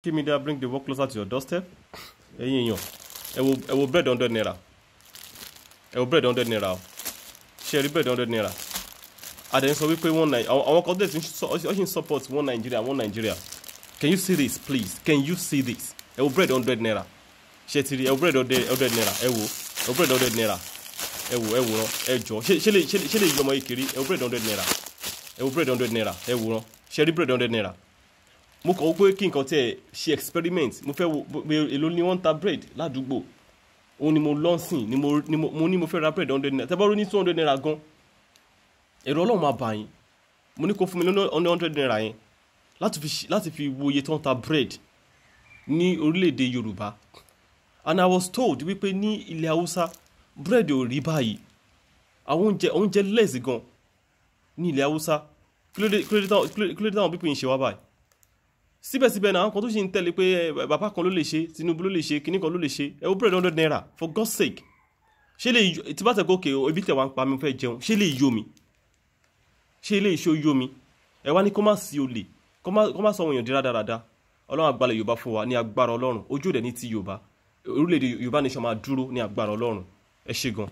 Key Media bring the work closer to your doorstep. Ẹ̀yin èèyàn, ẹ wo bread hundred naira. Ẹ wo bread hundred naira o. Ṣé rí bread hundred naira? Adé ń sọ wípé one nine. àwọn kan dẹ̀ ti ń support one Nigeria one Nigeria. Can you see this please? Can you see this? Ẹ wo bread hundred naira. Ṣé ti rí ẹ wo bread hundred naira? Ẹ wo ẹ wo bread hundred naira. Ẹ wo ẹ wòran ẹ jọ. Ṣé lè ṣé lè yí ọmọ yìí kiri? Ẹ wo bread hundred naira. Ẹ wo bread hundred naira. Ẹ wòran. Ṣé rí bread hundred naira? mo kọ̀ pé kí nǹkan tiẹ̀ ṣe experiment mo fẹ́ wo èlò ni wọ́n ń ta bread ládùúgbò òun ni mo lọ́nsìn ni mo ní mo fẹ́ ra bread hundred naira tẹ́ bá rí ní two hundred naira gan ẹ̀rọ ọlọ́run máa bà yín mo ní kó fún mi ní hundred naira yẹn láti fi wo iye tó ń ta bread ní orílẹ̀-èdè Yorùbá and I was told wípé ní ilẹ̀ Haúsá bread ò rí báyìí àwọn oúnjẹ oúnjẹ lẹ́sì gan ní ilẹ̀ Haúsá kí ló dé táwọn pípín ìṣe wá báyìí síbẹ̀síbẹ̀ náà àwọn kan tó ṣe ń tẹ̀lé pé eh, bàbá kan ló lè ṣe Tinubu ló lè ṣe kinní kan ló lè ṣe ẹ ó bẹ̀rẹ̀ hundred naira for God's sake ṣé lè tí bá tẹ̀kọ́ òkè ebi tẹ̀ wá ń pa mi fẹ́ jẹun ṣé lè yó mi ṣé lè ṣó yó mi ẹ wá ní kó má sí olè kó má sọ àwọn èèyàn di rádaràda ọlọ́run àgbàlẹ̀ Yorùbá fún wa ní agbára ọlọ́run ojú òde ní ti Yorùbá orílẹ̀-èdè Yorùbá nation máa dúró ní agbára ọlọ́run ẹ ṣé gan